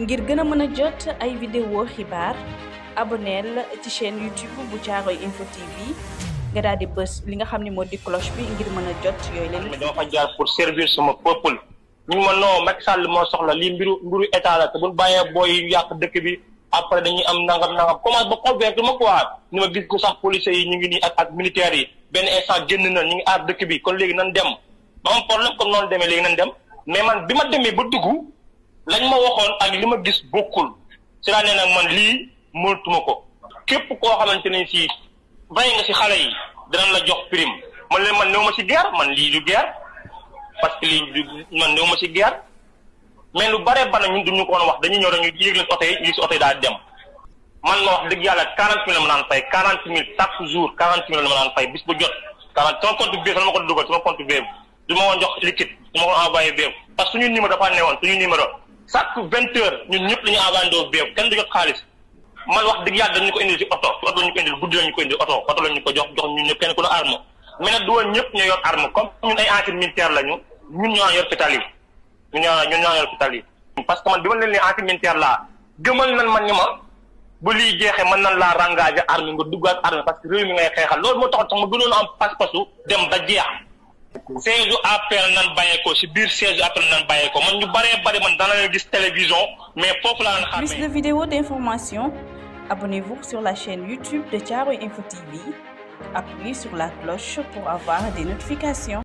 ngir gëna mëna jot ay vidéo xibaar abonnel ci chaîne youtube bu caaroy info tv nga daal di bëss li nga xamni mo di cloche bi ngir mëna jot yoy leen dama dafa jaar pour servir sama peuple ñu ma no Macky Sall mo soxla li mbiru mbiru état la te bu boy yu yaq dëkk bi après dañuy am nangam nangam commence ba convaincre ma quoi ni ma gis ko sax policiers yi ñu ngi ni ak ak militaire yi ben instant génn na ñu ngi ar dëkk bi kon légui nan dem ba am problème comme non démé légui nan dem mais man bima démé ba duggu lañ ma waxoon ak li ma gis bokkul ci la ne man lii mënatuma ko képp koo xamante ne si bàyyi nga si xale yi danañ la jox prime man leen man néew ma si guerre man lii du guerre parce que lii man néew ma si guerre mais lu bare bana ñun duñu ko woon wax dañu ñëw dañu yëg leen oto yi yëg si oto daal dem man ma wax dëgg yàlla quarante mille ma naan fay quarante mille chaque jour quarante mille ma naan fay bis bu jot quarante sama compte béef sama ko dugal sama compte bi du ma woon jox liquide du ma ko parce que suñu numéro dafa newoon suñu numéro chaque vingt heures ñun ñëpp dañu abandoo beew kenn du jot xaalis man wax dëgg yàlla dañu ko indil ci oto ci oto lañu ko indil guddi lañu ko indil oto oto lañu ko jox jox ñun ñëpp kenn ku ne arme mais nag du woon ñëpp ñoo yor arme comme ñun ay ancien militaire lañu ñun ñoo yor fital yi ñun ñoo ñun ñoo yor fital yi parce que man bi ma leen ne ancien militaire laa gëmal nan man ni ma bu lii jeexee mën nan laa rengagé arme nga duggaat arme parce que réew mi ngay xeexal loolu moo taxoon tax ma gënoon am pas-pasu dem ba jeex siège APR nan bayeko ci si biir siège APR nan bayeko man ñu bare bare man dana la gis télévision mais fofu la xamé plus de vidéos d'information abonnez-vous sur la chaîne YouTube de Tiaro Info TV appuyez sur la cloche pour avoir des notifications.